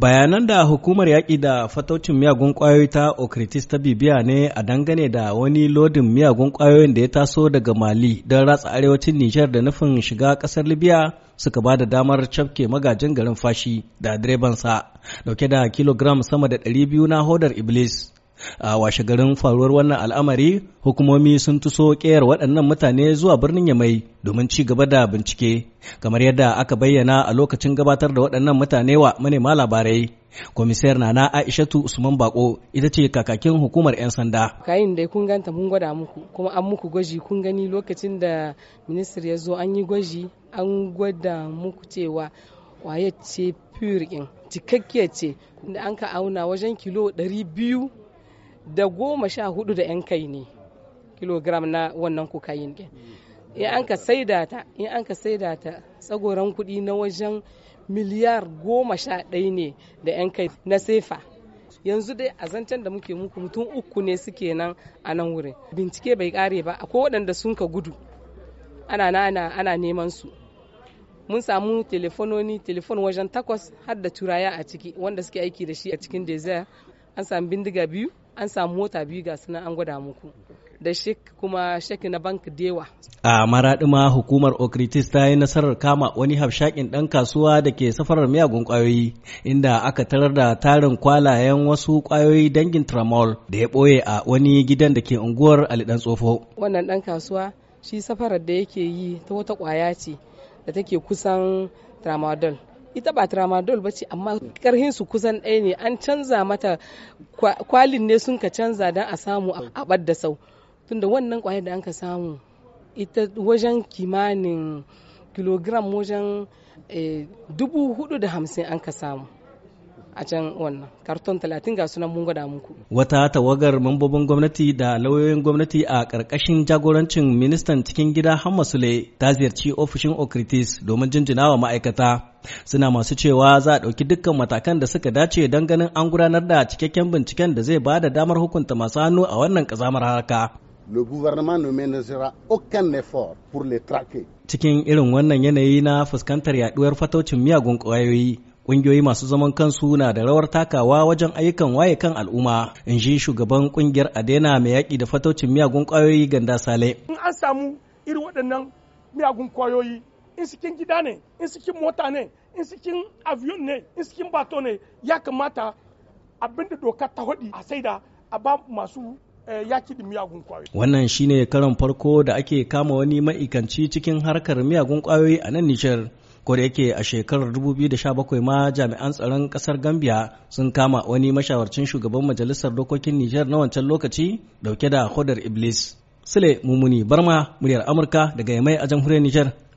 bayanan da hukumar yaƙi da fataucin miyagun ƙwayoyi ta okritis ta bibiya ne a dangane da wani lodin miyagun ƙwayoyin da ya taso daga mali don ratsa arewacin nijar da nufin shiga ƙasar libya suka ba da damar cafke magajin garin fashi da direbansa dauke da kilogram sama da 200 na hodar iblis a washe garin faruwar wannan al'amari hukumomi sun tuso ƙeyar waɗannan mutane zuwa birnin yamai domin ci gaba da bincike kamar yadda aka bayyana a lokacin gabatar da waɗannan mutane wa manema labarai komisiyar na aishatu usman bako ita ce kakakin hukumar 'yan sanda kayin da kun ganta mun gwada muku kuma an muku gwaji kun gani lokacin da ministir ya zo an yi gwaji an gwada muku cewa waye ce pure cikakkiyar ce da an ka auna wajen kilo 200 da goma sha hudu da yan kai ne kilogram na wannan kokain din in an ka saida ta in an ka saida ta tsagoran kuɗi na wajen miliyar goma sha ɗaya ne da yan kai na sefa yanzu dai a zancen da muke muku mutum uku ne suke nan a nan wurin bincike bai kare ba akwai waɗanda sun ka gudu ana nana ana neman su mun samu telefononi telefon wajen takwas har da turaya a ciki wanda suke aiki da shi a cikin desert an samu bindiga biyu an samu mota biyu ga sunan an gwada muku da shek kuma shek na bank dewa a maraɗima hukumar okritis ta yi nasarar kama wani hafshakin ɗan kasuwa da ke safarar miyagun ƙwayoyi inda aka tarar da tarin kwalayen wasu ƙwayoyi dangin tramol da ya ɓoye a wani gidan da ke unguwar alidan tsofo wannan ɗan kasuwa shi safarar da yake yi ta wata ƙwaya ce da take kusan tramadol ita ba tramadol ba ce amma karhin su kusan ɗaya ne an canza mata kwalin ne sun ka canza don a samu a ɓadda sau tunda wannan kwayar da an ka samu ita wajen kimanin kilogram wajen eh, dubu hudu da hamsin an ka samu a can wannan karton 30 ga sunan mun gwada muku. Wata tawagar mambobin gwamnati da lauyoyin gwamnati a ƙarƙashin jagorancin ministan cikin gida Hamma Sule ta ziyarci ofishin Okritis domin jinjina wa ma'aikata. Suna masu cewa za a ɗauki dukkan matakan da suka dace don ganin an gudanar da cikakken binciken da zai ba da damar hukunta masu hannu a wannan kazamar harka. le gouvernement ne menacera aucun effort pour les traquer. Cikin irin wannan yanayi na fuskantar yaduwar fataucin miyagun ƙwayoyi, Ƙungiyoyi masu zaman kansu na da rawar takawa wajen ayyukan waye kan al'umma, in ji shugaban ƙungiyar Adena mai yaƙi da fataucin miyagun ƙwayoyi ganda sale. In an samu irin waɗannan miyagun ƙwayoyi, in sikin gida ne, in sikin mota ne, in sikin avion ne, in sikin bato ne, ya kamata abinda doka ta hudi a saida a ba masu eh, yaki da miyagun ƙwayoyi. Wannan shine karan farko da ake kama wani ma'ikanci cikin harkar miyagun kwayoyi a nan Nijar. ko da yake a shekarar 2017 ma jami'an tsaron kasar gambia sun kama wani mashawarcin shugaban majalisar dokokin niger na wancan lokaci dauke da hodar iblis sule mumuni barma muryar amurka daga yamai a jamhuriyar niger.